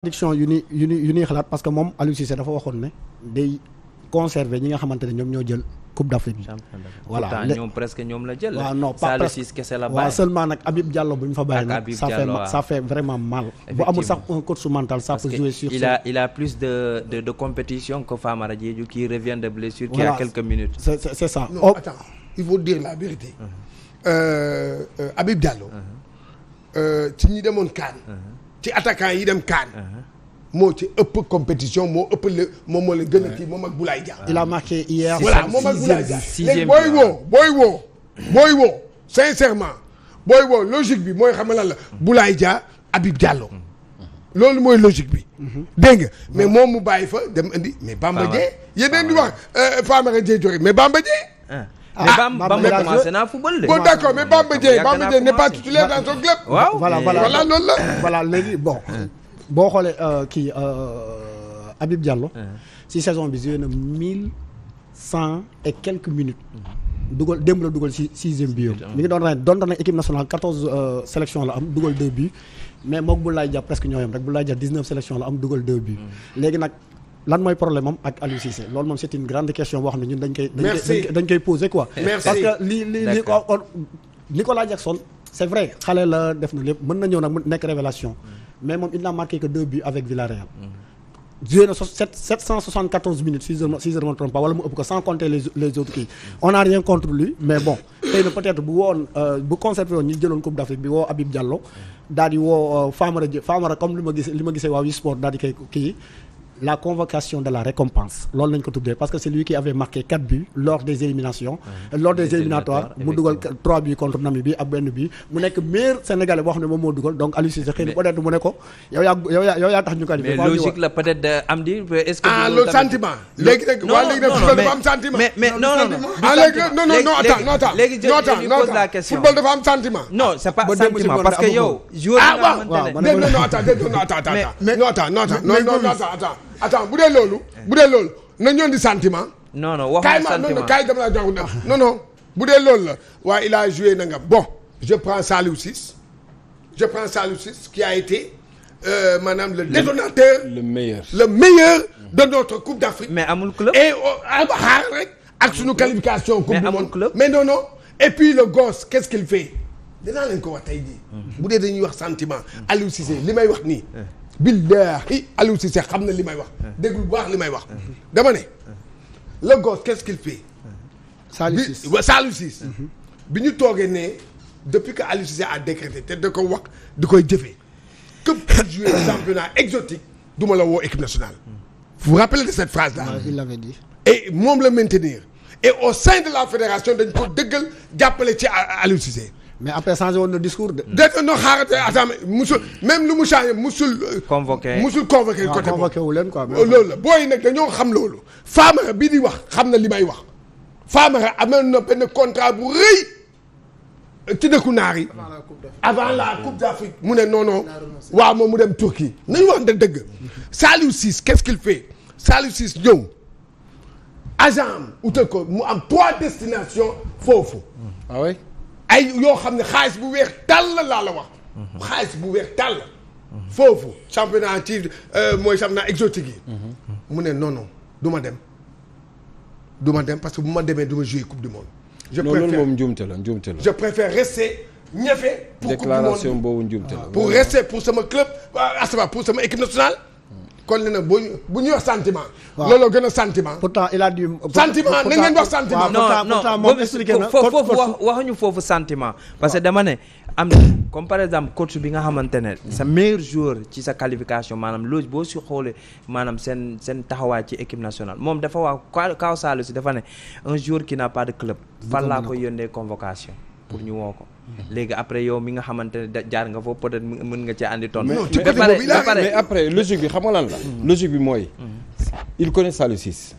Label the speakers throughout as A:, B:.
A: contradiction yu ni yu ni xalaat parce que moom Aliou dafa waxoon ne day conserver ñi nga xamante ne ñoom ñoo jël coupe d'Afrique bi voilà ñoom presque ñoom la jël waaw non pas presque kese la waaw nag Habib Diallo bu ñu fa bàyyi nag ça fait ça fait vraiment mal bu amul sax un coach mental ça peut jouer sur il a
B: il a plus de de de compétition que Famara Diédhiou qui revient de blessure qui a quelques minutes
A: c'est c'est
C: ci ñi demoon CAN uh-huh. ci attaquant yi dem kaan moo ci ëpp compétition moo ëpp la moom moo la gën a kii moom ak bulaay Dia. il a marqué hier. voilà moom ak Boulaye Dia léegi booy woo booy woo. booy woo sincèrement booy woo logique bi mooy xam nga lan la bulaay Dia Habib Diallo. loolu mooy logique bi. dégg nga mais moom mu bàyyi fa dem indi. mais Bamba Dieng yéen di wax euh, Famara Dieng joxe mais Bamba Dieng.
A: ah Bamba naa football de. bon d'accord mais Bamba Dieng Bamba Dieng n'est pas titulaire dans son club. waaw voilà voilà la. voilà léegi bon boo xoolee euh, kii euh, Habib Diallo. ci saison bi joué na mille cent et quelques minutes. dugal démb la dugal si sixième bi yow. mi ngi doon ren doon na équipe nationale quatorze euh, sélection la am dugal deux buts mais moog bu laay jàpp presque ñooyam rek bu laay jàpp dix neuf sélection la am dugal deux buts mm. léegi nag. lan mooy problème am ak Aliou Cissé loolu moom c'est une grande question boo xam ne ñun dañ koy. dañ koy poser quoi. parce que li li li Nicolas Jackson c'est vrai xale la def na lépp mën na ñëw nag mu nekk révélation mm. mais moom il n'a marqué que deux buts avec Villarreal. Mm. joué na sept sept cent soixante quatorze minutes si je ne si je mu ëpp ko sans compter les les autres kii mm. on n'a rien contre lui mais bon xëy na peut euh, euh, comme li ma gis li ma gisee waa la convocation de la récompense loolu lañ ko tuddee parce que c'est lui qui avait marqué quatre buts lors des éliminations lors des éliminatoires mu dugal trois buts contre Namibie ak benn but mu nekk meilleur sénégalais boo xam ne moom moo dugal donc Aliou Cissé xëy na peut-être mu ne ko yow yaa yow yaa yow yaa tax ñu qualifié mais logique
B: la peut-être Amdi est-ce que ah le sentiment léegi nag waa léegi nag football dafa am sentiment mais mais non non ah léegi non non non attends non attends
C: léegi attends bu dee loolu. bu dee loolu na ñoon di sentiment.
B: non non waxuma sentiment kaay
C: ma non non kaay non bu dee loolu la waaye il a joué na nga bon. je prends Saliou Ciss je prends Saliou Ciss qui a été. Euh, maanaam le détonateur le meilleur le meilleur de notre Coupe d'Afrique. mais amul club et xaar oh, ah, ah, rek. ak suñu qualification. coupe du monde mais non non. et puis le gos qu'est-ce qu'il fait. dinaa leen ko wax y jii. Hmm. bu dee dañuy wax sentiment. Aliou Cissé li may wax nii. Eh. billaahi Aliou Cissé xam na li may wax. Eh. déglu bu baax li may wax. dama ne. le gosse qu'est-ce qu'il fait. Saliou bi mhm. ñu toogee ne depuis que Aliou Cissé a décrété te da ko wax di koy jëfe képp ku joué championnat exotique du ma la woo équipe nationale. vous vous rappelez de cette phrase là. moom la maintenir. et au sein de la fédération dañ ko dëggal jàppale ci Aliou Cissé. mais après changé woon na discours de. déedéet non xaarate attends musul même lu mu changé musul. Euh, convoqué musul convoqué. côté
A: convoqué leen quoi. Oh,
C: loolu la booy nag dañoo xam loolu. Famara bii di wax xam na li may wax Famara amoon na benn contrat bu rëy ci dëkku naar yi. avant la coupe d'Afrique mu ne non non waaw moom mu dem Turquie nañu wax ne dëgg Saliou Ciss quest que qu'il fait Saliou Ciss ñëw agent am ko mu am trois destinations foofu. Ah ay yoo xam ne xaalis bu weex tàll laa la wax. xaalis bu weex tàll. foofu championnat ci euh, mooy championnat exotique yi. Mhm. mu ne non non du ma dem. du ma dem parce que bu ma demee du ma jouer coupe du monde. je préfère non moom
D: njuumte la njuumte la. je
C: préfère rester ñefe. pour déclaration
D: boobu njuumte la. pour
C: rester pour sama club ah pour sama équipe nationale. kon li nag bu bu ñuy wax sentiment. waaw looloo gën a sentiment. pourtant il a dit. sentiment
B: na ngeen wax ñu non non moom expliqué na foofu waxuñu foofu sentiment. parce que dama ne am na comme par exemple coach bi nga xamante ne. sa meilleur joueur ci sa qualification maanaam loolu boo si xoolee maanaam seen taxawaay ci équipe nationale moom dafa wax Kao Saalum si dafa ne un joueur qui n'a pas de club. fan laa ko convocation. pour ñu woo ko. léegi après yow mi nga xamante ne jaar nga foofu peut-être nga cee andi tontu. mais après logique
D: bi xam nga lan la. Mm-hmm. bi mooy. Mm-hmm. il connaît Saliou Ciss.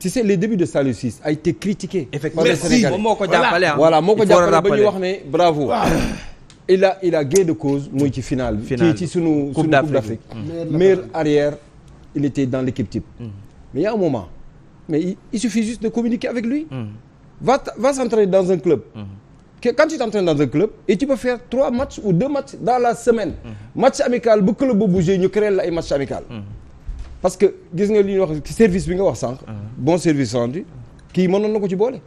D: tu sais les débuts de Saliou Ciss a été critiqué. effectivement merci moom moo ko jàppale ah. voilà moo ko jàppale ba ñu wax ne bravo. il a il a gain de cause muy ci final. ci ci sunu coupe d'Afrique. Mm-hmm. meilleur arrière il était dans l'équipe type. mais y a un moment mais il suffit juste de communiquer avec lui. va va dans un club. quand tu t'entraînes dans un club et tu peux faire trois matchs ou deux matchs dans la semaine. Mhm. match amical bu club bu bougé ñu créé la ay match amical. Mhm. parce que gis nga li ñuy wax service bi nga wax sànq. Mhm. bon service rendu kii mënoon na ko ci boole.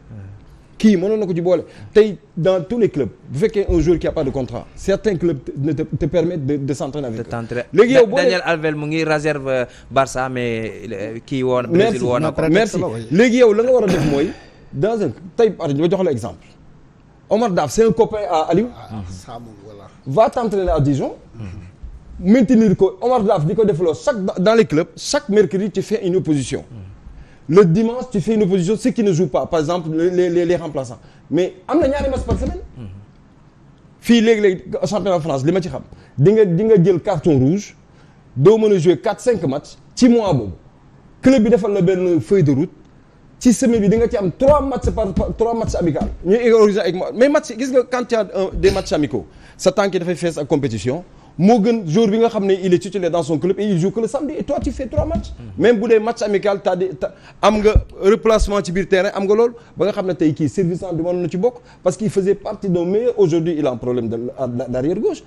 D: kii mënoon na ko ci boole tey dans tous les clubs bu fekkee un joueur qui a pas de contrat certains clubs ne te, te permettent de de s'entraîner avec eux. léegi yow boo Daniel
B: Alves mu ngi réserve euh, Barça mais euh, kii woon. Brésil la
D: war def mooy dans un tey jox la exemple. Omar Daf c'est un copain à Aliou. ah voilà. va t'entraîner à Dijon. maintenir ko Omar Daf di ko defloo chaque dans les clubs chaque mercredi tu fais une opposition. le dimanche tu fais une opposition ceux qui ne jouent pas par exemple les les les remplaçants mais am na ñaari match par semaine. fii léegi-léegi championnat de France li ma ci xam di nga di nga jël carton rouge doo mën a jouer 4 ci mois boobu club bi defa la benn feuille de route. ci semaine bi di nga ci am trois matchs par trois matchs amicaux mais match gis nga quand a euh, des matchs amicaux sa tànk dafay fees ak compétition moo gën jour bi nga xam ne il est titulaire dans son club et il joue que le samedi et toi tu fais trois matchs mm. même bu dee match amical t'as des am nga replacement ci biir terrain am nga loolu ba nga xam ne tey kii service en demande na ci bokk parce qu'il faisait partie de meilleur aujourd'hui il a un problème de l'arrière gauche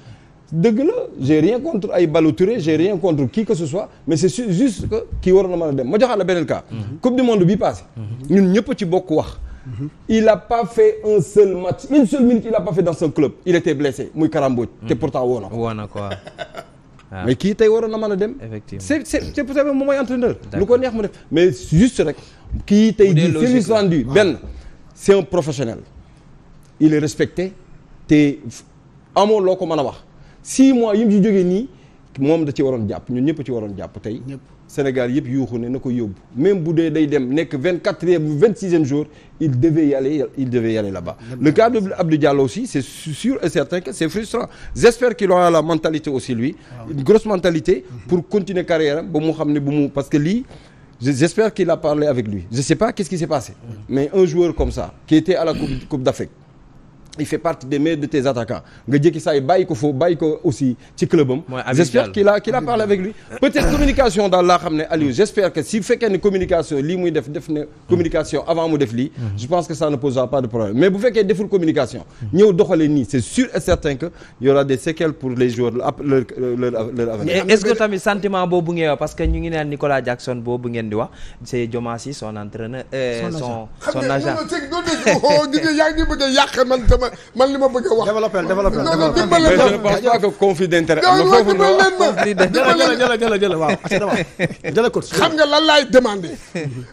D: dëgg la j'ai rien contre ay Ballo Touré rien contre qui que ce soit mais c'est juste que kii waroon na mën a dem ma joxaat la beneen cas mhm. coupe du monde bi passé mhm. ñun ñëpp ci bokk wax mhm. il a pas fait un seul match une seule minute il a pas fait dans son club il était blessé muy karambooj te pourtant woo na woo na quoi mais kii tey waroon na mën a dem effectivement c'est c'est c'est peut-être moom mooy entraîneur lu ko neex mu ne mais juste rek kii tey di service rendu benn c'est un professionnel il respecté te amoo loo ko mën a wax six mois yi mu ci jógee nii moom da ci waroon jàpp ñun ñëpp ci waroon jàpp tey Sénégal yëpp yuuxu ne na ko yóbbu même bu dee day dem nekk vingt quatrième ou vingt sixième jour il devait y aller il devait y là-bas le cas de aussi c'est sûr et certain que c'est frustrant j'espère qu'il aura la mentalité aussi lui ah une grosse mentalité mm-hmm. pour continuer carrière am ba mu xam ne bu mu parce que lii j'espère qu'il a parlé avec lui je sais pas qu'est-ce qui s'est il fait partie des meilleurs de tes attaquants nga jékki saa yi ko foofu bàyyi ko aussi ci club am. j'espère qu'il a qu'il avec lui. Euh. peut-être communication daal laa xam ne Aliou j'espère que si fekkee ne communication lii muy def def na communication avant mu def lii. Mm-hmm. je pense que ça ne posera pas de problème mais bu fekkee deful communication. ñëw doxalee nii c'est sûr et certain que y aura des séquelles pour les joueurs leur leur leur avenir.
B: est-ce que tamit sentiment
C: ma man li ma bëgg a wax. développé développé non non dimbali leen ma. mais
D: je ne pense pas que conflit d'intérêt am
C: na foofu ko xam nga lan laay demandé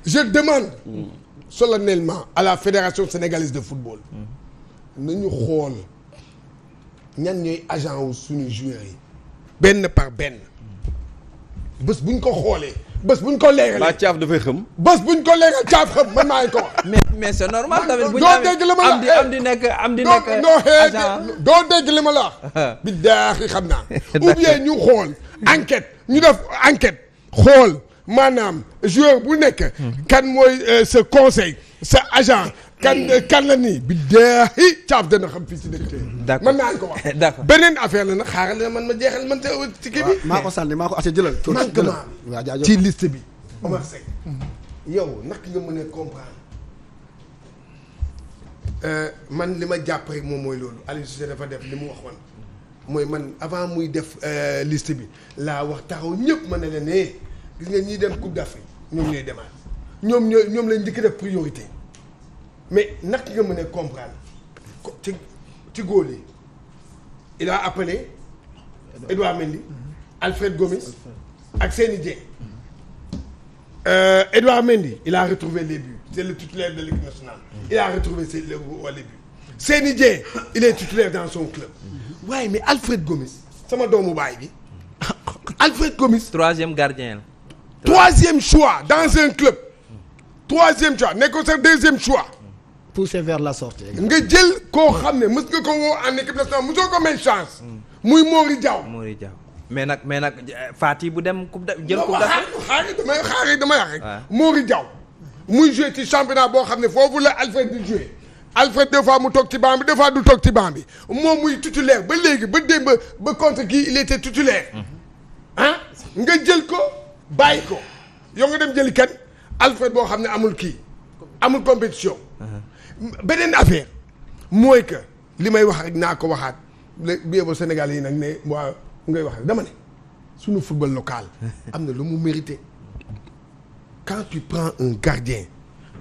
C: je demande solennellement à la fédération sénégalaise de football. nañu xool ñan ñooy agent wu suñu joueurs benn par benn bés buñ ko xoolee. bés buñ ko leeral. ba caaf dafay xam. bés buñ ko leeral caaf xam man maa ngi ko
B: wax. mais mais c'est normal tamit bu ñu am di
C: am di nekk di nekk. doo dégg li ma la wax. billaahi xam naa ou bien ñu xool enquête ñu def enquête xool maanaam joueur bu nekk. Mm-hmm. kan mooy sa euh, conseil sa agent. kan kan la ni bi deexi caaf dana xam fii ci dëkk tey mën naa ko wax d'accord beneen affaire la nag xaaral na man ma jeexal man te ci kii bi maa ko sànni maa ko ace jëlal manquement ci list bi mm-hmm. Omar Seck mm-hmm. yow naka nga mën a euh, man li ma jàpp moom mooy loolu Aliou Cissé dafa li mu waxoon mooy man avant muy def euh, liste bi laa wax taxaw ñëpp mën na leen ne eh, gis nga ñiy dem Coupe d'Afrique ñoom ñooy demaat ñoom ñooy ñoom lañ njëkk def priorité mais naka nga mën a comprendre ci ci góol yi il a appelé Edouard Mendy Alfred Gomis ak Seny Dieng euh, Edouard Mendy il a retrouvé les buts le titulaire de l'équipe nationale il a retrouvé ses les buts il est titulaire dans son club waaye mais Alfred Gomis sama doomu baay bi Alfred Gomis troisième gardien la troisième choix dans un club troisième choix nekkoon sa deuxième choix pousser
B: vers la sortie.
C: nga jël koo xam ne mës nga ko woo en équipe nationale mosoo ko may
B: chance. Mm. muy Mori Diaw. Mori Diaw mais nag mais nag euh, Fati bu dem coupe da jël. coupe xaar damay xaar damay wax muy joué ci championnat boo
C: xam ne foofu la Alfred di joué. Alfred des fois mu toog ci banc bi des fois du toog ci banc bi moom muy titulaire ba léegi ba démb ba contre kii il était titulaire. ah nga jël ko bàyyi ko yow nga dem jëli kan Alfred boo xam ne amul kii amul compétition. beneen affaire mooy que li may wax rek naa ko waxaat léegi Sénégal yi nag ne waa ngay wax rek dama ne suñu football local am na lu mu mérité quand tu prends un gardien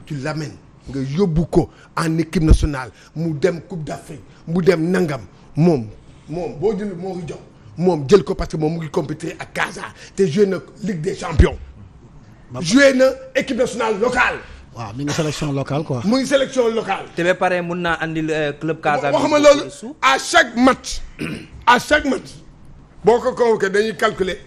C: tu l'amènes nga yóbbu ko en équipe nationale mu dem Coupe d'Afrique mu dem nangam moom moom boo jël moo ngi jox moom jël ko parce que moom mu ngi compétir ak Casa te joué na Ligue des champions joué na équipe nationale locale waaw mi ngi sélection locale quoi. muy sélection locale.
B: te ba pare mun naa andil euh, club Casa.
C: wax ma loolu à chaque match. à chaque match boo ko convoqué dañuy calculer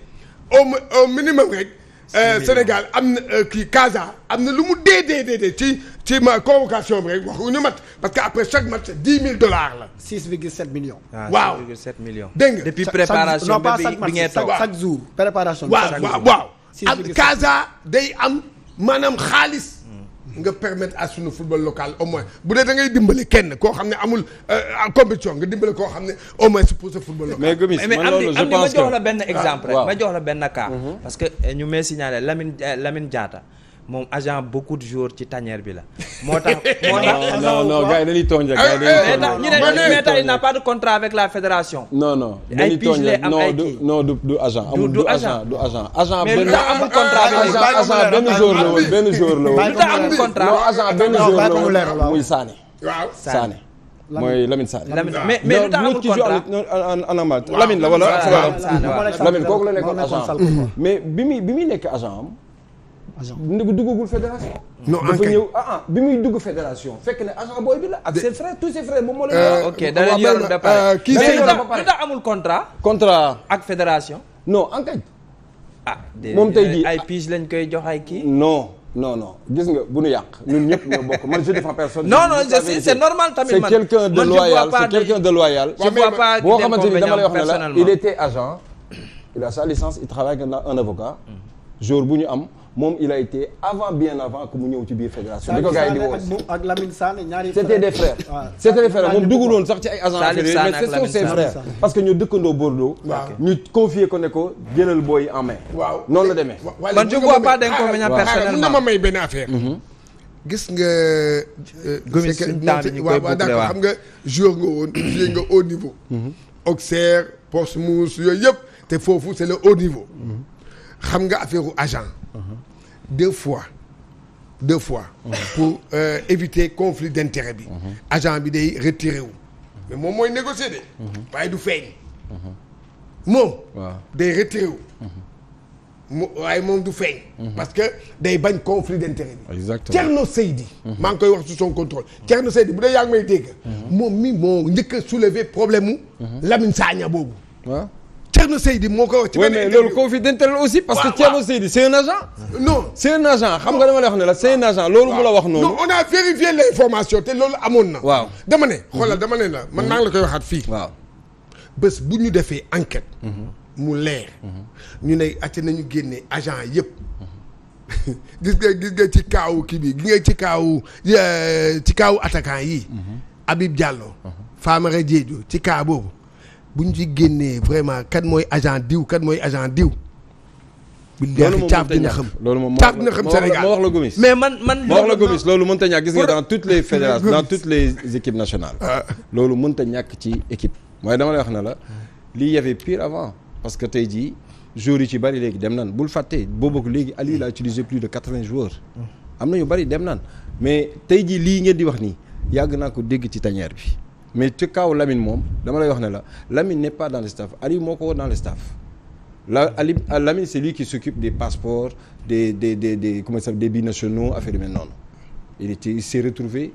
C: au au minimum rek. Euh, Sénégal am na euh, kii Casa am na lu mu dee dee dee ci ci ma convocation bi rek waxuñu mat parce que après chaque match dix mille dollars
A: la. six virgule sept millions. Ah, waaw six virgule sept millions. dégg nga depuis préparation bi ngeen toog chaque
C: jour préparation. waaw waaw waaw. Casa day am maanaam xaalis. nga permettre à sunu football local au moins bu dee da ngay dimbali kenn koo xam ne amul euh, compétition nga dimbali koo xam ne au moins pour sa football local. mais Gomis man loolu je jox la benn exemple rek. ma
B: jox la benn cas. Mhm. parce que euh, ñu may signaler Lamine euh, Lamine Diatta. moom agent beaucoup de jours ci tanière bi la. moo tax moo tax non non gars yi
D: dañuy tooñ rek. Eh, eh, eh,
B: mais tax il n'a pas de contrat avec la fédération.
D: non non dañuy tooñ rek non du non du du agent. amul du agent du agent agent. mais lu tax amul contrat bi agent benn jour la woon benn jour la woon. lu tax amul contrat non agent benn jour la woon muy Sané.
B: waaw Sané. mooy Lamine Sané. mais mais lu tax amul contrat
D: non Lamine la wala. Lamine kooku la nekkoon agent mais bi muy bi muy nekk agent am. agent bu duggagul fédération. non dafa ñëw ah, ah, bi muy dugg fédération fekk ne agent booy bi la ak ses frères tous ses frères moom moo leen. Euh, ok da leen euh, amul contrat. contrat ak fédération. non enquête. ah moom tey jii ay pige lañ koy jox ay kii. no non non gis nga bu nu yàq ñun ñëpp ñoo bokk man je défends personne. non non c'est normal tamit man c'est quelqu'un de loyal c'est quelqu'un de loyal. xamante ne la il était agent. il a sa licence mm. bu ñu am. moom il a été avant bien avant que mu ñëw ci biir fédération. di ko gars yi di woo
A: ak Lamine Sané ñaari frères. c'était
D: des moom dugguloon sax ci ay agents fédéraux mais c'est sont ses frères. parce que ñu dëkkandoo Bordeaux. ñu confier ko ne ko jëlal booy en main.
A: waaw
C: noonu la demee. man je la pas na ma may benn affaire. Mhm. gis nga. Euh, gomis ñu koy d'accord xam nga joueur nga woon joué nga haut niveau. Mhm. Auxerre Portsmouth yooyu yëpp te foofu c'est le haut niveau. Mhm. xam nga affaire agent. deux fois de fois. pour euh, éviter conflit d'intérêt bi. agent bi day retiré wu. moom mooy négocier de. waaye du feeñ. moom. day retiré wu. mu waaye moom du feeñ. parce que day bañ conflit d'intérêt bi. exactement Thierno Seydi. maa ngi koy wax sous son contrôle. Thierno Seydi bu dee yaa ngi may dégg. moom mi moo njëkk a soulever problème mu. Mhm. Lamine Sagna boobu. Thierno Seydi moo ko wax. ci benn mais loolu confidentiel aussi. parce que Thierno Seydi c' est un agent. non c' est xam nga dama lay wax ne la c' est loolu mu la wax noonu. non on a vérifié l' information te loolu amoon na. waaw dama ne. xoolal mhm. dama ne la man maa la koy waxaat fii. waaw bu ñu defee enquête. Mhm. mu leer. Mhm. ñu ne acca nañu génne agent yëpp. gis nga gis nga ci kaawu kii bi gis ci kaawu euh, ci kaawu attaquant yi. Habib Diallo. Famara Diédhiou ci kaa boobu. bu ñu ci génnee vraiment kan mooy agent diw kat mooy agent diw. loolu moom caaf dina xam loolu moom caaf dina xam Sénégal moo wax la Gomis mais man man moo wax la Gomis
D: loolu mënta ñàkk gis na dans toutes les fédérations dans toutes les équipes nationales ah. loolu mënta ñàkk ci équipe mooy dama wax ne la lii y avait pire avant parce que tey jii joueurs yi ci bari léegi dem nan bul fàtte boobu léegi Aliou l'a utilisé plus de quatre-vingts joueurs mm. am na ñu bari dem nan mais tey jii lii ngeen di wax nii yàgg naa ko dégg ci tanière bi mais ci kaw lamin moom dama lay wax ne la Lamine n'est pas dans le staff Aliou moo ko woon dans le staff la Ali euh, Lamine c'est lui qui s'occupe des passeports des de de des comment ça des binationaux affaire yu mel noonu il était il s'est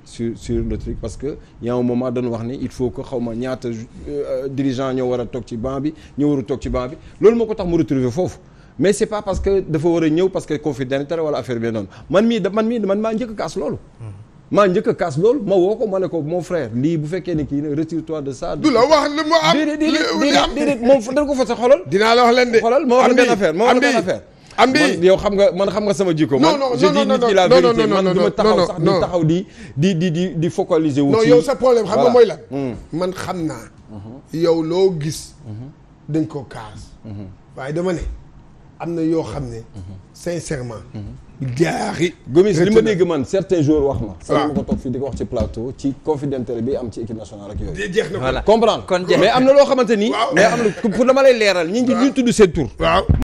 D: sur sur parce que y a moment dañu wax ni il faut que xaw ma ñaata euh, dirigeant ñoo war a toog ci banc bi ñoo war a toog ci banc loolu moo ko tax mu retrouver foofu mais c'est pas parce que dafa war a ñëw parce que conflit d'intérêt wala affaire bi man mii da man mii man maa njëkk kaas loolu hmm. maa njëkk a kaas loolu ma woo ko ma ne ko mon frère lii bu fekkee ne kii ne retire-toi de ça. du la wax lu am déedéet déedéet déedéet moom dana ko fa sa xolal. dinaa la wax leen de. xolal ma ma wax am di yow xam nga man xam nga sama jikko. non non non non non non non non non man duma taxaw sax di taxaw di di di di di focaliser wu. non yow sa problème xam nga mooy lan. Mm-hmm.
C: man xam naa. yow loo gis. Mm-hmm. dañ koo kaas. Mm-hmm. waaye dama ne am na yoo xam ne. sincèrement.
D: jaaxi. li ma dégg man certains jours wax ma. waaw ah. ma ko toog fii di ko wax ci plateau ci conflit d'intérêt bi am ci équipe nationale ak yooyu. na comprendre mais am na loo xamante ni. mais am na pour dama lay leeral. ñi ñu tudd seen tur. waaw.